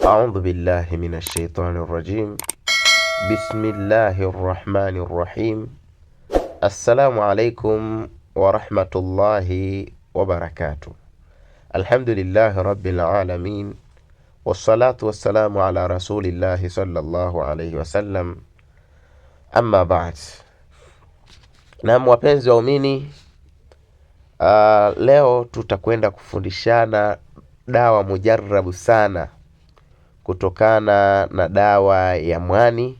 A'udhu billahi minash shaitani rajim. Bismillahir rahmanir rahim. Assalamu alaikum wa rahmatullahi wa barakatuh. Alhamdulillahi rabbil alamin. Wassalatu wassalamu ala rasulillahi sallallahu alayhi wasallam. Amma ba'd. Naam, wapenzi waumini, uh, leo tutakwenda kufundishana dawa mujarabu sana kutokana na dawa ya mwani.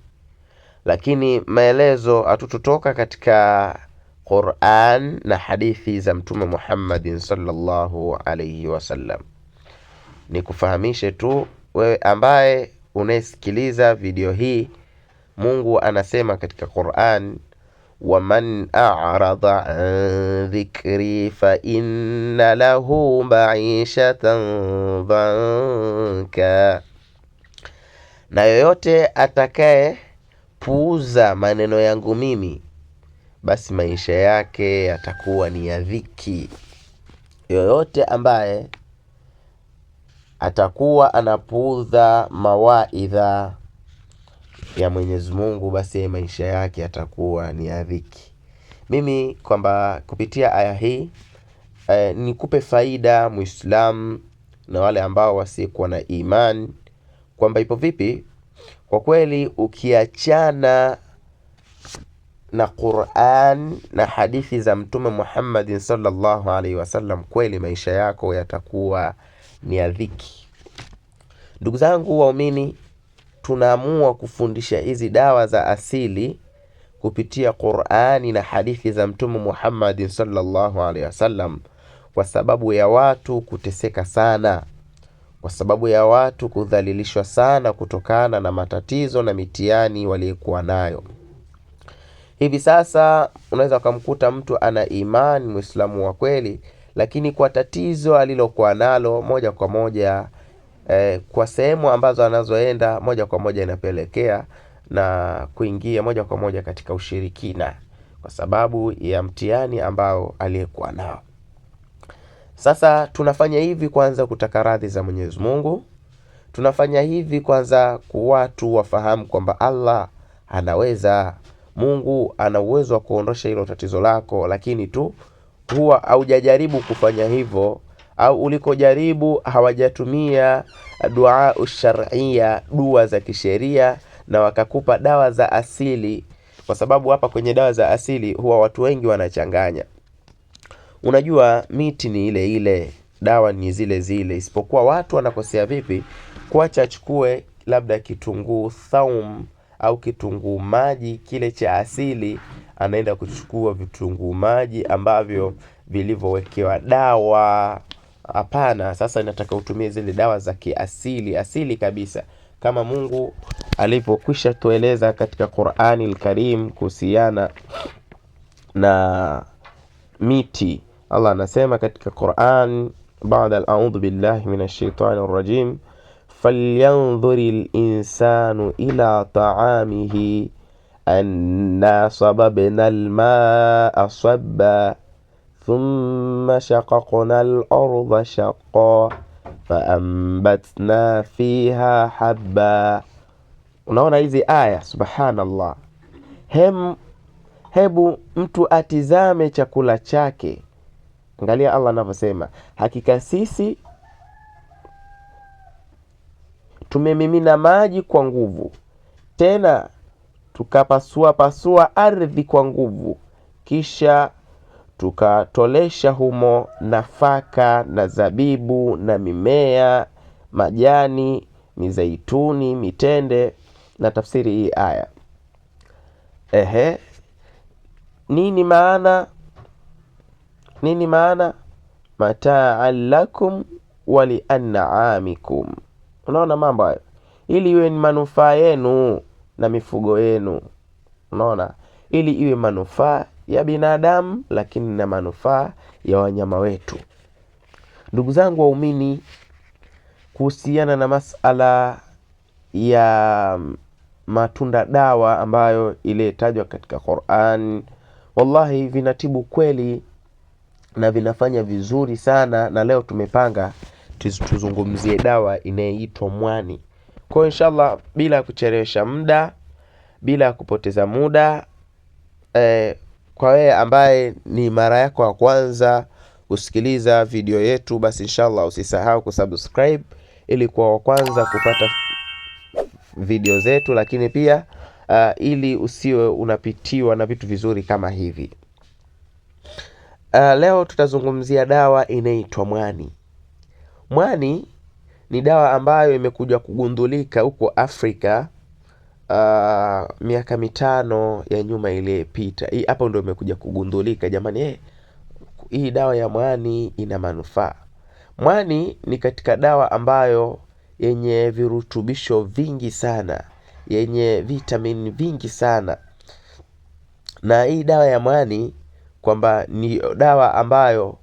Lakini maelezo hatutotoka katika Qur'an na hadithi za Mtume Muhammadin sallallahu alayhi wasallam. Ni kufahamishe tu wewe ambaye unayesikiliza video hii, Mungu anasema katika Qur'an, waman a'rada an dhikri fa inna lahu ma'ishatan dhanka na yoyote atakaye puuza maneno yangu mimi, basi maisha yake yatakuwa ni ya dhiki. Yoyote ambaye atakuwa anapuuza mawaidha ya Mwenyezi Mungu, basi maisha yake yatakuwa ni ya dhiki. Mimi kwamba kupitia aya hii eh, nikupe faida Muislamu na wale ambao wasikuwa na imani kwamba ipo vipi? Kwa kweli ukiachana na Qur'an na hadithi za Mtume Muhammad sallallahu alaihi wasallam, kweli maisha yako yatakuwa ni ya dhiki. Ndugu zangu waumini, tunaamua kufundisha hizi dawa za asili kupitia Qur'ani na hadithi za Mtume Muhammad sallallahu alaihi wasallam kwa sababu ya watu kuteseka sana kwa sababu ya watu kudhalilishwa sana kutokana na matatizo na mitihani waliokuwa nayo. Hivi sasa unaweza ukamkuta mtu ana imani, Muislamu wa kweli, lakini kwa tatizo alilokuwa nalo moja kwa moja eh, kwa sehemu ambazo anazoenda moja kwa moja inapelekea na kuingia moja kwa moja katika ushirikina kwa sababu ya mtihani ambao aliyekuwa nao. Sasa tunafanya hivi kwanza kutaka radhi za Mwenyezi Mungu, tunafanya hivi kwanza kuwatu wafahamu kwamba Allah anaweza, Mungu ana uwezo wa kuondosha hilo tatizo lako, lakini tu huwa haujajaribu kufanya hivyo au ulikojaribu hawajatumia dua usharia, dua za kisheria, na wakakupa dawa za asili, kwa sababu hapa kwenye dawa za asili huwa watu wengi wanachanganya. Unajua miti ni ile ile, dawa ni zile zile, isipokuwa watu wanakosea vipi? Kuacha achukue labda kitunguu thaum au kitunguu maji kile cha asili, anaenda kuchukua vitunguu maji ambavyo vilivyowekewa dawa. Hapana, sasa inataka utumie zile dawa za kiasili asili kabisa, kama Mungu alivyokwisha tueleza katika Qur'anil Karim kuhusiana na miti. Allah anasema katika Qur'an baada a'udhu billahi minash shaitani rrajim falyanzuri linsanu ila taamihi anna sababna almaa sabba thumma shaqaqna al-ardha shaqqa faambatna fiha habba. Unaona hizi aya, subhanallah. Hem, hebu mtu atizame chakula chake Angalia Allah anavyosema, hakika sisi tumemimina maji kwa nguvu, tena tukapasua pasua ardhi kwa nguvu, kisha tukatolesha humo nafaka na zabibu na mimea, majani, mizeituni, mitende na tafsiri hii aya. Ehe, nini maana nini maana? Mataan lakum walianamikum. Unaona mambo hayo, ili iwe ni manufaa yenu na mifugo yenu. Unaona, ili iwe manufaa ya binadamu, lakini na manufaa ya wanyama wetu. Ndugu zangu waumini, kuhusiana na masala ya mm, matunda dawa ambayo iliyotajwa katika Qur'an, wallahi vinatibu kweli na vinafanya vizuri sana, na leo tumepanga tuzungumzie dawa inayoitwa mwani. Kwa hiyo inshallah, bila kuchelewesha muda, bila kupoteza muda eh, kwa wewe ambaye ni mara yako ya kwanza kusikiliza video yetu, basi inshallah usisahau kusubscribe ili kuwa wa kwanza kupata video zetu, lakini pia uh, ili usiwe unapitiwa na vitu vizuri kama hivi. Uh, leo tutazungumzia dawa inaitwa mwani. Mwani ni dawa ambayo imekuja kugundulika huko Afrika uh, miaka mitano ya nyuma iliyopita. Hii hapo ndio imekuja kugundulika jamani, eh, hii dawa ya mwani ina manufaa. Mwani ni katika dawa ambayo yenye virutubisho vingi sana, yenye vitamini vingi sana, na hii dawa ya mwani kwamba ni dawa ambayo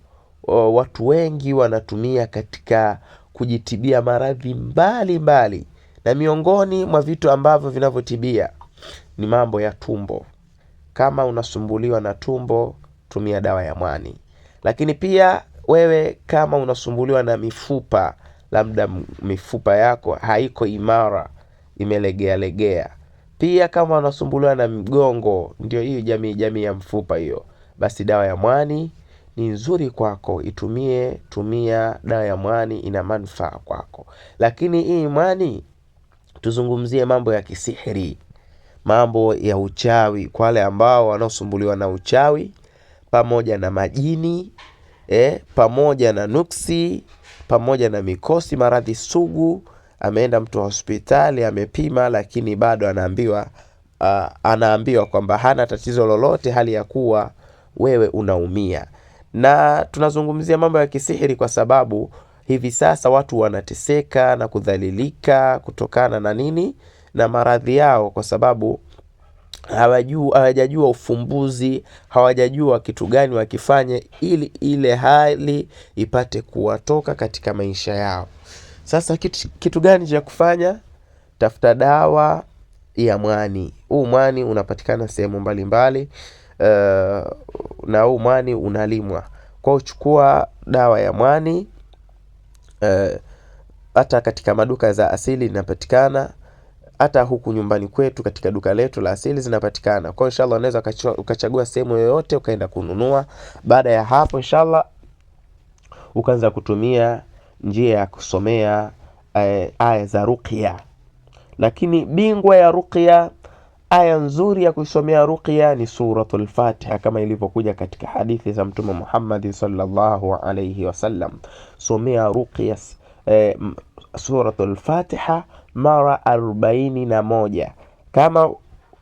o, watu wengi wanatumia katika kujitibia maradhi mbali mbali, na miongoni mwa vitu ambavyo vinavyotibia ni mambo ya tumbo. Kama unasumbuliwa na tumbo, tumia dawa ya mwani. Lakini pia wewe kama unasumbuliwa na mifupa, labda mifupa yako haiko imara, imelegea legea. Pia kama unasumbuliwa na mgongo, ndio hiyo jamii jamii ya mfupa hiyo, basi dawa ya mwani ni nzuri kwako, itumie. Tumia dawa ya mwani, ina manufaa kwako. Lakini hii mwani, tuzungumzie mambo ya kisihiri, mambo ya uchawi, kwa wale ambao wanaosumbuliwa na uchawi pamoja na majini eh, pamoja na nuksi, pamoja na mikosi, maradhi sugu. Ameenda mtu wa hospitali amepima, lakini bado anaambiwa uh, anaambiwa kwamba hana tatizo lolote, hali ya kuwa wewe unaumia. Na tunazungumzia mambo ya kisihiri kwa sababu hivi sasa watu wanateseka na kudhalilika kutokana na nini? Na maradhi yao, kwa sababu hawajua, hawajajua ufumbuzi, hawajajua kitu gani wakifanye ili ile hali ipate kuwatoka katika maisha yao. Sasa kitu, kitu gani cha kufanya? Tafuta dawa ya mwani. Huu mwani unapatikana sehemu mbalimbali. Eh, na huu mwani unalimwa. Kwa uchukua dawa ya mwani eh, hata katika maduka za asili inapatikana hata huku nyumbani kwetu katika duka letu la asili zinapatikana. Kwa inshallah unaweza ukachagua sehemu yoyote ukaenda kununua. Baada ya hapo inshallah ukaanza kutumia njia ya kusomea eh, aya za ruqya. Lakini bingwa ya ruqya Aya nzuri ya kuisomea ruqya ni suratul Fatiha, kama ilivyokuja katika hadithi za Mtume Muhammad sallallahu alayhi wasallam. Somea ruqya eh, suratul Fatiha mara arobaini na moja. Kama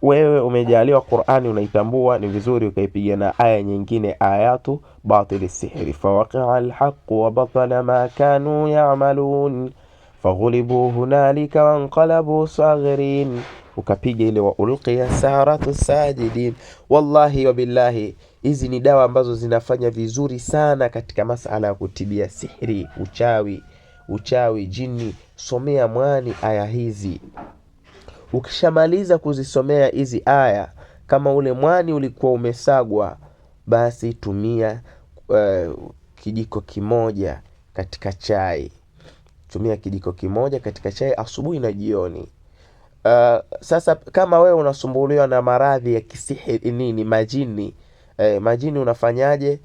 wewe umejaliwa Qur'ani unaitambua, ni vizuri ukaipiga na aya nyingine, ayatu batili sihri, fawaqia alhaqu wa batala ma kanu ya'malun faghulibu hunalika wanqalabu saghirin ukapiga ile wa ulqiya saratu sajidin. Wallahi wa billahi, hizi ni dawa ambazo zinafanya vizuri sana katika masala ya kutibia sihri uchawi, uchawi jini. Somea mwani aya hizi. Ukishamaliza kuzisomea hizi aya, kama ule mwani ulikuwa umesagwa, basi tumia uh, kijiko kimoja katika chai. Tumia kijiko kimoja katika chai asubuhi na jioni. Eh, sasa kama wewe unasumbuliwa na maradhi ya kisihi nini majini eh, majini unafanyaje?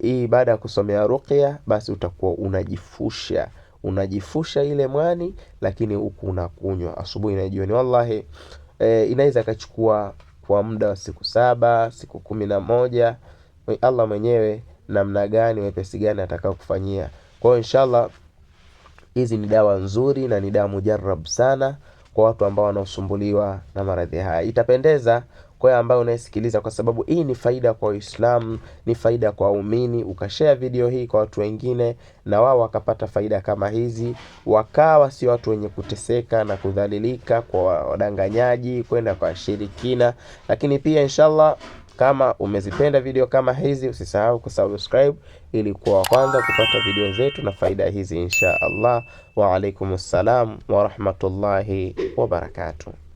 Hii baada ya kusomea ruqya, basi utakuwa unajifusha unajifusha ile mwani, lakini huku unakunywa asubuhi na jioni. Wallahi eh, inaweza kachukua kwa muda wa siku saba siku kumi na moja Allah mwenyewe namna gani wepesi gani atakao kufanyia. Kwa hiyo inshallah hizi ni dawa nzuri na ni dawa mujarabu sana kwa watu ambao wanaosumbuliwa na maradhi haya. Itapendeza kwa ambayo unaisikiliza, kwa sababu hii ni faida kwa Uislamu, ni faida kwa waumini. Ukashare video hii kwa watu wengine, na wao wakapata faida kama hizi, wakawa sio watu wenye kuteseka na kudhalilika kwa wadanganyaji, kwenda kwa shirikina Lakini pia inshallah kama umezipenda video kama hizi, usisahau kusubscribe ili kuwa wa kwanza kupata video zetu na faida hizi insha Allah. Wa alaikumussalam wa rahmatullahi wa barakatuh.